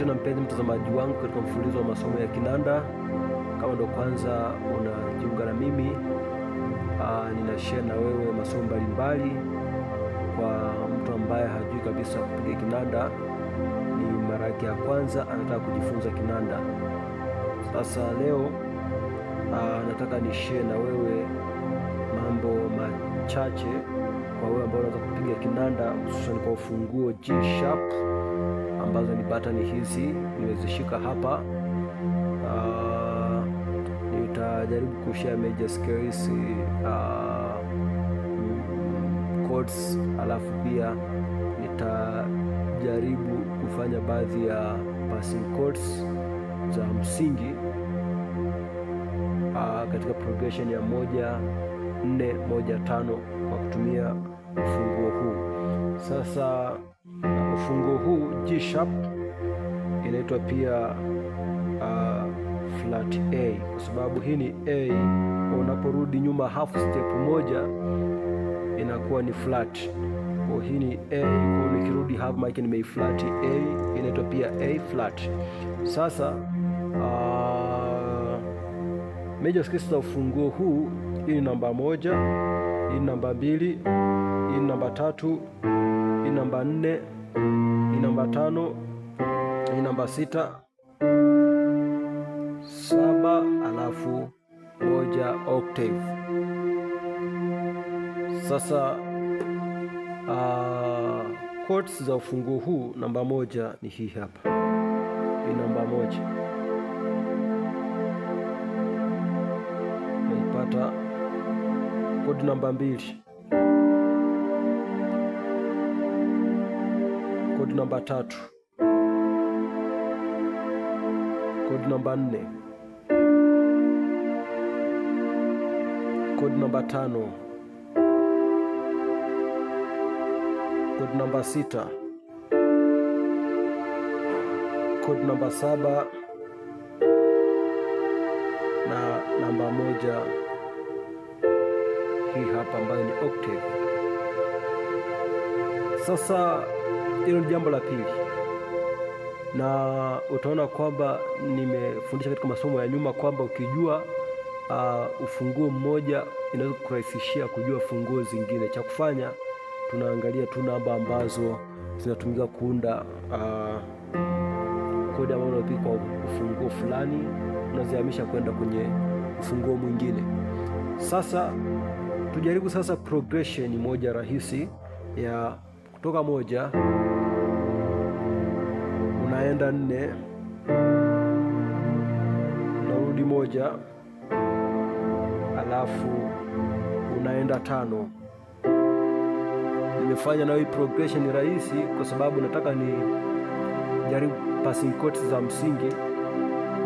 tena mpenzi mtazamaji wangu katika mfululizo wa masomo ya kinanda. Kama ndo kwanza unajiunga na mimi, ah, ninashare na wewe masomo mbalimbali. Kwa mtu ambaye hajui kabisa kupiga kinanda, ni mara yake ya kwanza, anataka kujifunza kinanda. Sasa leo aa, ah, nataka share na wewe mambo machache kwa wewe ambao unaweza kupiga kinanda, hususan kwa ufunguo G sharp ambazo ni button hizi nimezishika hapa. Uh, nitajaribu kushare major scales uh, ah, chords, alafu pia nitajaribu kufanya baadhi ya passing chords za msingi uh, katika progression ya moja nne moja tano kwa kutumia ufunguo huu sasa Ufunguo huu G sharp inaitwa pia uh, flat A kwa sababu hii ni A. Unaporudi nyuma half step moja inakuwa ni flat. Kwa hii ni A, kwa nikirudi hapa maana flat A, inaitwa pia A flat. Sasa uh, major scales za ufunguo huu, hii ni namba moja, hii ni namba mbili, hii ni namba tatu, hii ni namba nne hii namba tano, hii namba sita, saba, alafu moja octave. Sasa uh, chords za ufunguo huu namba moja ni hii hapa, hii namba moja naipata. Kodi namba mbili kodi namba tatu, kodi namba nne, kodi namba tano, kodi namba sita, kodi namba saba na namba moja hii hapa ambayo ni octave. Sasa hilo ni jambo la pili, na utaona kwamba nimefundisha katika masomo ya nyuma kwamba ukijua uh, ufunguo mmoja inaweza kukurahisishia kujua funguo zingine. Cha kufanya tunaangalia tu namba ambazo zinatumika kuunda uh, kodi ambayo unapiga kwa ufunguo fulani, unazihamisha kwenda kwenye ufunguo mwingine. Sasa tujaribu sasa progression moja rahisi ya kutoka moja unaenda nne, unarudi moja, alafu unaenda tano. Nimefanya nayo hii progression rahisi, kwa sababu nataka ni jaribu passing chords za msingi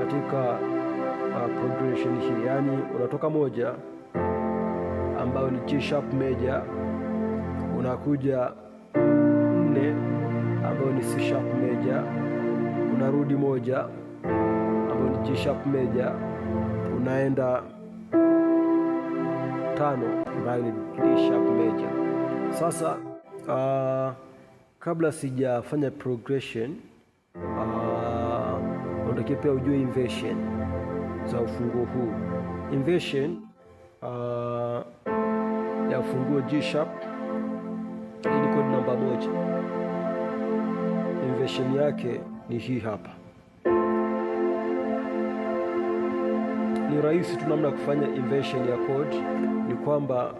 katika uh, progression hii, yaani unatoka moja ambayo ni G sharp major unakuja nne ambayo ni C sharp meja, unarudi moja ambayo ni G sharp meja, unaenda tano ambayo ni D sharp meja. Sasa uh, kabla sijafanya progression uh, pia ujue inversion za ufunguo huu. Inversion uh, ya ufunguo G sharp moja. Inversion yake ni hii hapa. Ni rahisi tu namna kufanya inversion ya chord ni kwamba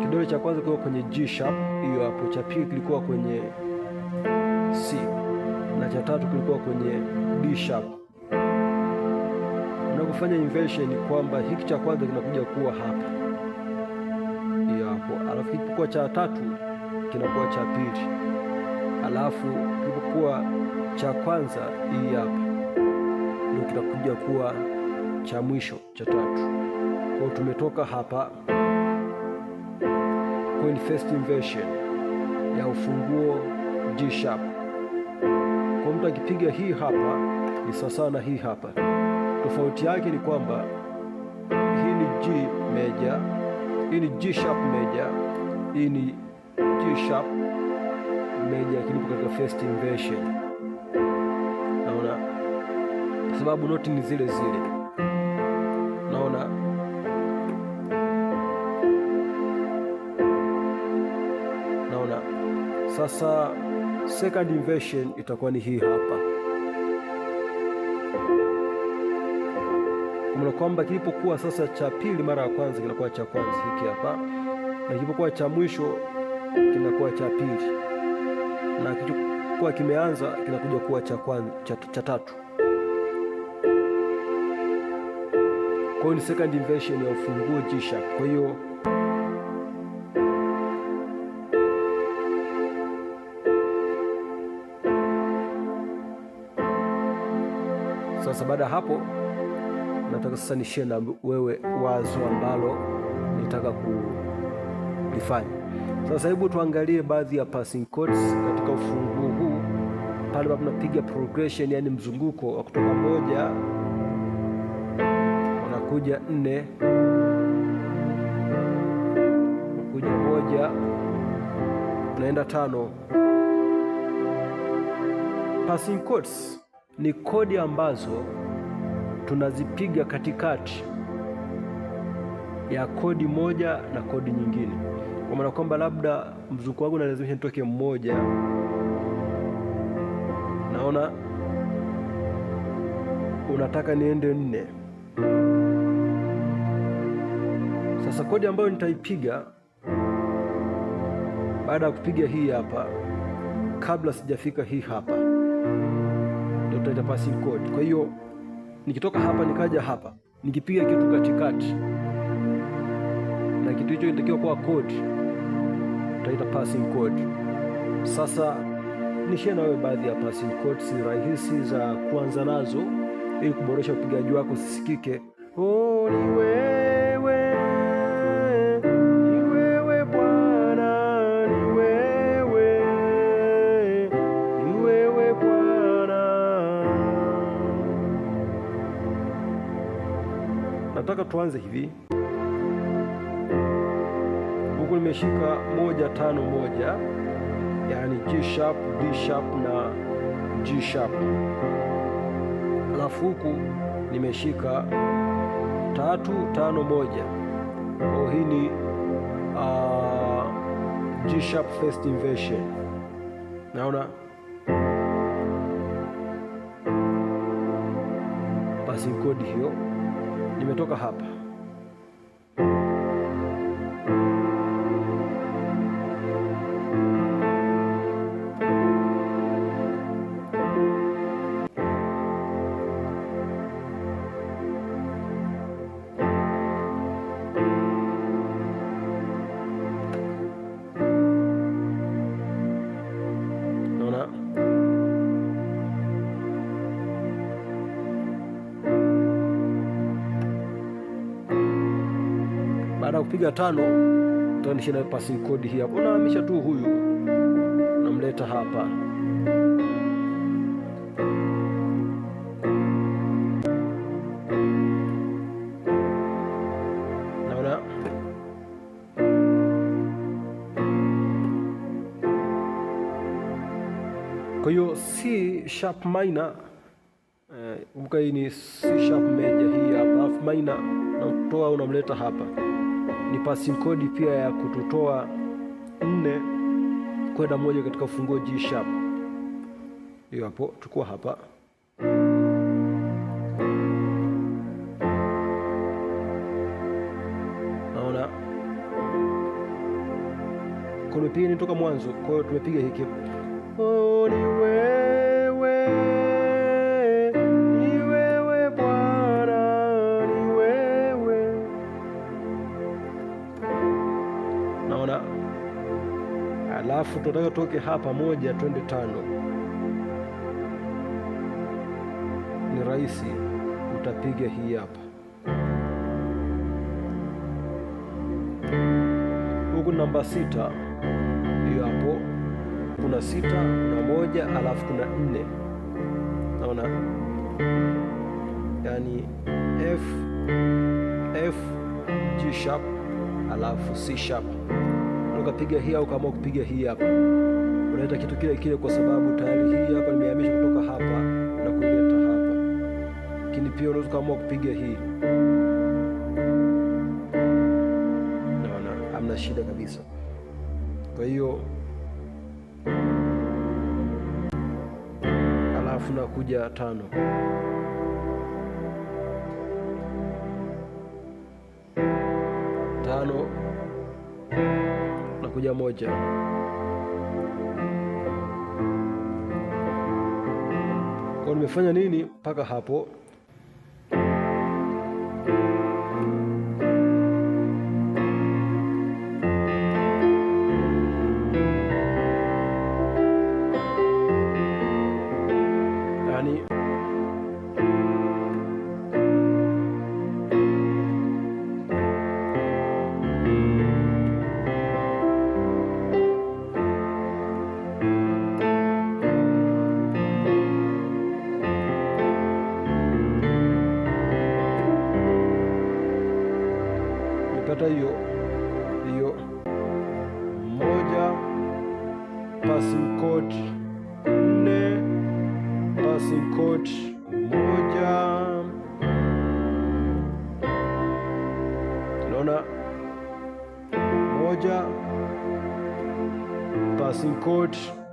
kidole cha kwanza kilikuwa kwenye G sharp, hiyo hapo. Cha pili kilikuwa kwenye C na cha tatu kilikuwa kwenye D sharp. Unapofanya inversion ni kwamba hiki cha kwanza kinakuja kuwa hapa, hiyo hapo, alafu kikiwa cha tatu kinakuwa cha pili, alafu kilipokuwa cha kwanza, hii hapa ndio kinakuja kuwa cha mwisho cha tatu. Kwa tumetoka hapa kwenye first inversion ya ufunguo G sharp. Kwa mtu akipiga hii hapa ni sawasawa na hii hapa, tofauti yake ni kwamba hii ni G meja, hii ni G sharp major, hii ni G sharp meja, lakini katika first inversion. Naona sababu noti ni zile zile, naona naona. Sasa second inversion itakuwa ni hii hapa, kumana kwamba kilipokuwa sasa cha pili mara ya kwanza kinakuwa cha kwanza hiki hapa, na kilipokuwa cha mwisho kinakuwa cha pili, na kilichokuwa kimeanza kinakuja kuwa cha kwanza, cha, cha tatu. Kwa hiyo ni second inversion ya ufunguo G sharp. Kwa hiyo sasa, baada ya hapo, nataka sasa nishie na wewe wazo ambalo nitaka kulifanya. Sasa hebu tuangalie baadhi ya passing chords katika ufunguo huu pale ambapo tunapiga progression, yani mzunguko wa kutoka moja unakuja nne unakuja moja unaenda tano. Passing chords ni kodi ambazo tunazipiga katikati ya kodi moja na kodi nyingine kwa maana kwamba labda mzuku wangu nalazimisha nitoke mmoja, naona unataka niende nne. Sasa kodi ambayo nitaipiga baada ya kupiga hii hapa, kabla sijafika hii hapa, ndio tutaita passing code. Kwa hiyo nikitoka hapa nikaja hapa, nikipiga kitu katikati na kitu hicho inatakiwa kuwa kodi utaita passing code. Sasa nishie wewe baadhi ya passing codes rahisi za kuanza nazo ili kuboresha upigaji wako sisikike. Oh, ni wewe, ni wewe Bwana, ni wewe, ni wewe Bwana. Nataka tuanze hivi nimeshika moja tano moja, yani G sharp, D sharp na G sharp, alafu huku nimeshika tatu tano moja. Kwa oh, hii ni uh, ah, G sharp first inversion, naona basi kodi hiyo nimetoka hapa Nitakapopiga tano utanishi na passing code hii hapo, nahamisha tu huyu, namleta hapa Kwa hiyo C sharp minor eh, mkaini C sharp major hii hapa, half minor na au unamleta hapa ni passing code pia ya kututoa nne kwenda moja katika funguo G sharp. Hiyo hapo, tuko hapa naona kodo pia ni toka mwanzo, kwa hiyo tumepiga hiki alafu tunataka toke hapa moja twende tano. Ni rahisi, utapiga hii hapa. Huku namba sita, hiyo hapo kuna sita, kuna moja, alafu kuna nne. Naona yani F, F, G sharp alafu C sharp ukapiga hii au kama kupiga hii hapa, unaleta kitu kile kile, kwa sababu tayari hii hapa nimehamisha kutoka hapa na kuleta hapa. Lakini pia unaweza kama kupiga hii, naona hamna shida kabisa. Kwa hiyo alafu nakuja tano tano kuja moja. Kwa nimefanya nini mpaka hapo? Yani tatu nne, passing code moja. Tunaona moja, passing code